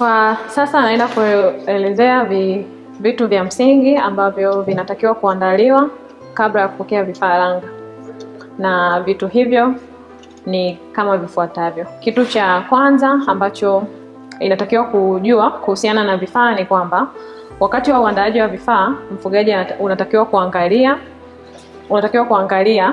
Kwa sasa naenda kuelezea vi, vitu vya msingi ambavyo vinatakiwa kuandaliwa kabla ya kupokea vifaranga, na vitu hivyo ni kama vifuatavyo. Kitu cha kwanza ambacho inatakiwa kujua kuhusiana na vifaa ni kwamba wakati wa uandaaji wa vifaa, mfugaji unatakiwa kuangalia unatakiwa kuangalia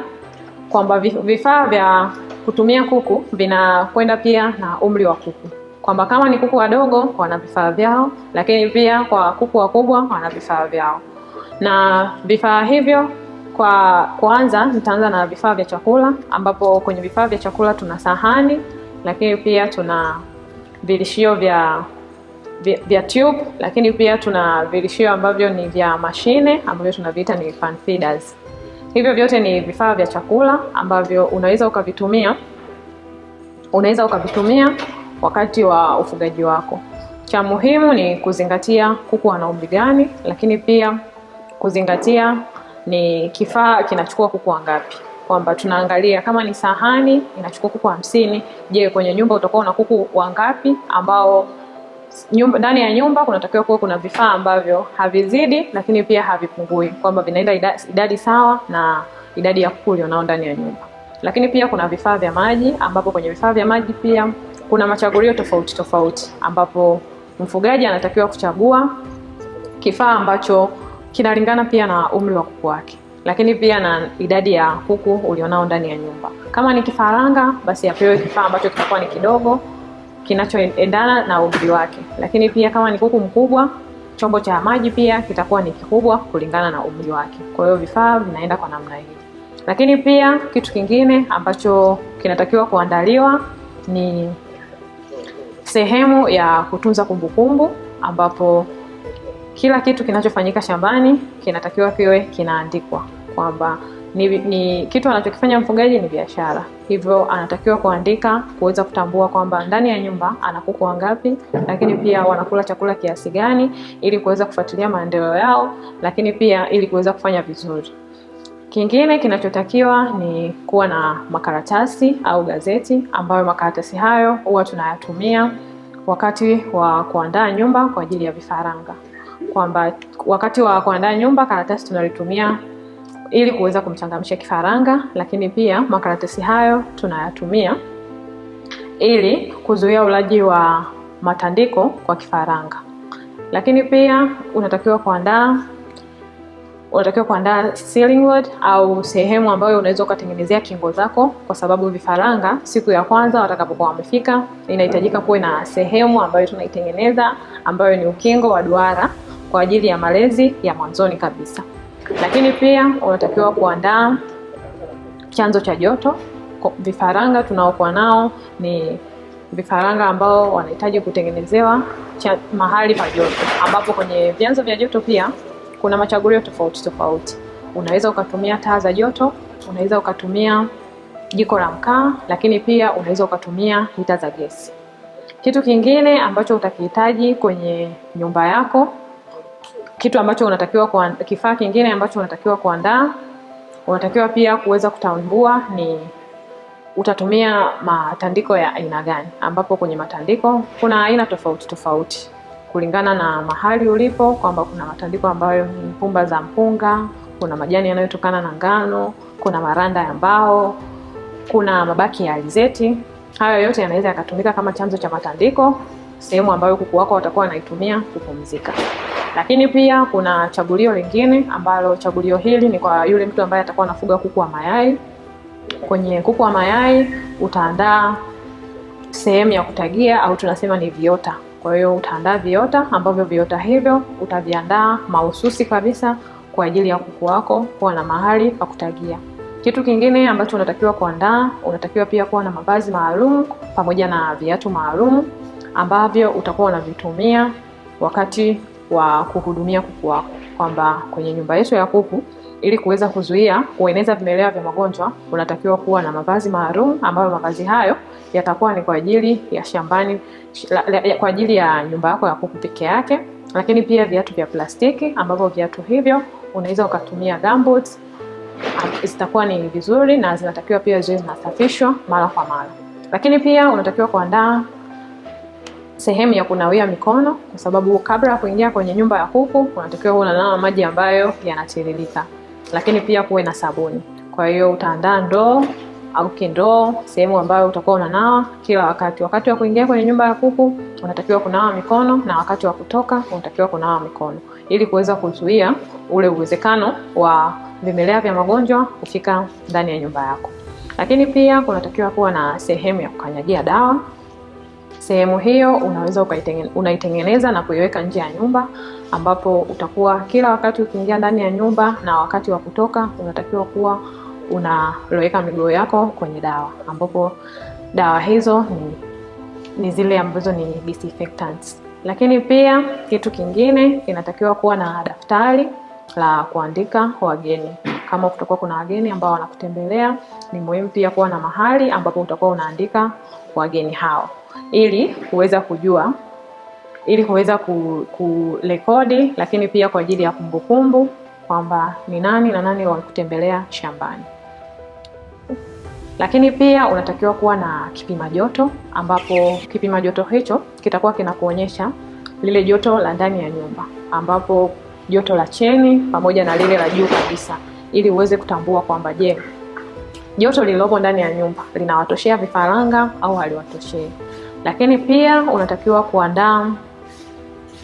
kwamba vifaa vya kutumia kuku vinakwenda pia na umri wa kuku kwamba kama ni kuku wadogo wana vifaa vyao, lakini pia kwa kuku wakubwa wana vifaa vyao. Na vifaa hivyo kwa kwanza, nitaanza na vifaa vya chakula, ambapo kwenye vifaa vya chakula tuna sahani, lakini pia tuna vilishio vya vya, vya tube, lakini pia tuna vilishio ambavyo ni vya mashine ambavyo tunaviita ni fan feeders. Hivyo vyote ni vifaa vya chakula ambavyo unaweza ukavitumia unaweza ukavitumia wakati wa ufugaji wako. Cha muhimu ni kuzingatia kuku ana umri gani, lakini pia kuzingatia ni kifaa kinachukua kuku wangapi, kwamba tunaangalia kama ni sahani inachukua kuku hamsini. Je, kwenye nyumba utakuwa na kuku wangapi? Ambao nyumba, ndani ya nyumba kunatakiwa kuwa kuna vifaa ambavyo havizidi lakini pia havipungui, kwamba vinaenda idadi sawa na idadi ya kuku ulionao ndani ya nyumba. Lakini pia kuna vifaa vya maji, ambapo kwenye vifaa vya maji pia kuna machagulio tofauti tofauti, ambapo mfugaji anatakiwa kuchagua kifaa ambacho kinalingana pia na umri wa kuku wake, lakini pia na idadi ya kuku ulionao ndani ya nyumba. Kama ni kifaranga, basi apewe kifaa ambacho kitakuwa ni kidogo kinachoendana na umri wake, lakini pia kama ni kuku mkubwa, chombo cha maji pia kitakuwa ni kikubwa kulingana na umri wake. Kwa hiyo vifaa vinaenda kwa namna hii, lakini pia kitu kingine ambacho kinatakiwa kuandaliwa ni sehemu ya kutunza kumbukumbu ambapo kila kitu kinachofanyika shambani kinatakiwa kiwe kinaandikwa kwamba ni, ni kitu anachokifanya mfugaji ni biashara, hivyo anatakiwa kuandika kuweza kutambua kwamba ndani ya nyumba ana kuku wangapi, lakini pia wanakula chakula kiasi gani, ili kuweza kufuatilia maendeleo yao, lakini pia ili kuweza kufanya vizuri. Kingine kinachotakiwa ni kuwa na makaratasi au gazeti, ambayo makaratasi hayo huwa tunayatumia wakati wa kuandaa nyumba kwa ajili ya vifaranga, kwamba wakati wa kuandaa nyumba karatasi tunalitumia ili kuweza kumchangamsha kifaranga, lakini pia makaratasi hayo tunayatumia ili kuzuia ulaji wa matandiko kwa kifaranga, lakini pia unatakiwa kuandaa unatakiwa kuandaa ceiling board au sehemu ambayo unaweza ukatengenezea kingo zako, kwa sababu vifaranga siku ya kwanza watakapokuwa wamefika, inahitajika kuwe na sehemu ambayo tunaitengeneza ambayo ni ukingo wa duara kwa ajili ya malezi ya mwanzoni kabisa. Lakini pia unatakiwa kuandaa chanzo cha joto. Vifaranga tunaokuwa nao ni vifaranga ambao wanahitaji kutengenezewa cha mahali pa joto, ambapo kwenye vyanzo vya joto pia kuna machagulio tofauti tofauti. Unaweza ukatumia taa za joto, unaweza ukatumia jiko la mkaa, lakini pia unaweza ukatumia hita za gesi. Kitu kingine ambacho utakihitaji kwenye nyumba yako, kitu ambacho unatakiwa kwa, kifaa kingine ambacho unatakiwa kuandaa, unatakiwa pia kuweza kutambua ni utatumia matandiko ya aina gani, ambapo kwenye matandiko kuna aina tofauti tofauti kulingana na mahali ulipo, kwamba kuna matandiko ambayo ni pumba za mpunga, kuna majani yanayotokana na ngano, kuna maranda ya mbao, kuna mabaki ya alizeti. Hayo yote yanaweza yakatumika kama chanzo cha matandiko, sehemu ambayo kuku wako watakuwa wanaitumia kupumzika. Lakini pia kuna chagulio lingine ambalo chagulio hili ni kwa yule mtu ambaye atakuwa anafuga kuku wa mayai. Kwenye kuku wa mayai utaandaa sehemu ya kutagia au tunasema ni viota kwa hiyo utaandaa viota ambavyo viota hivyo utaviandaa mahususi kabisa kwa ajili ya kuku wako kuwa na mahali pa kutagia. Kitu kingine ambacho unatakiwa kuandaa, unatakiwa pia kuwa na mavazi maalum pamoja na viatu maalum ambavyo utakuwa unavitumia wakati wa kuhudumia kuku wako, kwamba kwenye nyumba yetu ya kuku ili kuweza kuzuia kueneza vimelea vya magonjwa, unatakiwa kuwa na mavazi maalum ambayo mavazi hayo yatakuwa ni kwa ajili ya shambani, kwa ajili ya nyumba yako ya kuku peke yake, lakini pia viatu vya plastiki ambavyo viatu hivyo unaweza ukatumia gumboots, um, zitakuwa ni vizuri na zinatakiwa pia ziwe zinasafishwa mara kwa mara. Lakini pia unatakiwa kuandaa sehemu ya kunawia mikono, kwa sababu kabla ya kuingia kwenye nyumba ya kuku unatakiwa unanawa maji ambayo yanatiririka lakini pia kuwe na sabuni. Kwa hiyo utaandaa ndoo au kindoo, sehemu ambayo utakuwa unanawa kila wakati. Wakati wa kuingia kwenye nyumba ya kuku unatakiwa kunawa mikono, na wakati wa kutoka unatakiwa kunawa mikono, ili kuweza kuzuia ule uwezekano wa vimelea vya magonjwa kufika ndani ya nyumba yako. Lakini pia kunatakiwa kuwa na sehemu ya kukanyagia dawa Sehemu hiyo unaweza unaitengeneza na kuiweka nje ya nyumba, ambapo utakuwa kila wakati ukiingia ndani ya nyumba na wakati wa kutoka unatakiwa kuwa unaloweka miguu yako kwenye dawa, ambapo dawa hizo ni, ni zile ambazo ni disinfectants. Lakini pia kitu kingine kinatakiwa kuwa na daftari la kuandika wageni. Kama kutakuwa kuna wageni ambao wanakutembelea, ni muhimu pia kuwa na mahali ambapo utakuwa unaandika wageni hao ili kuweza kujua ili kuweza kurekodi, lakini pia kwa ajili ya kumbukumbu kwamba ni nani na nani walikutembelea shambani. Lakini pia unatakiwa kuwa na kipima joto, ambapo kipima joto hicho kitakuwa kinakuonyesha lile joto la ndani ya nyumba, ambapo joto la chini pamoja na lile la juu kabisa ili uweze kutambua kwamba je, joto lililopo ndani ya nyumba linawatoshea vifaranga au haliwatoshei. Lakini pia unatakiwa kuandaa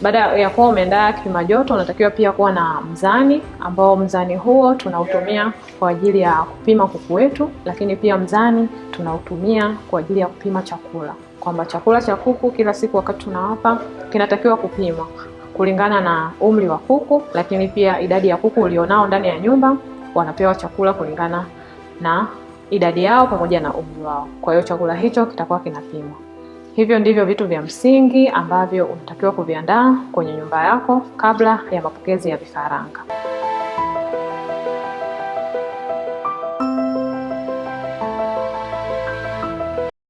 baada ya kuwa umeandaa kipima joto, unatakiwa pia kuwa na mzani ambao mzani huo tunautumia kwa ajili ya kupima kuku wetu, lakini pia mzani tunautumia kwa ajili ya kupima chakula, kwamba chakula cha kuku kila siku wakati tunawapa kinatakiwa kupimwa kulingana na umri wa kuku, lakini pia idadi ya kuku ulionao ndani ya nyumba. Wanapewa chakula kulingana na idadi yao pamoja na umri wao. Kwa hiyo chakula hicho kitakuwa kinapimwa. Hivyo ndivyo vitu vya msingi ambavyo unatakiwa kuviandaa kwenye nyumba yako kabla ya mapokezi ya vifaranga.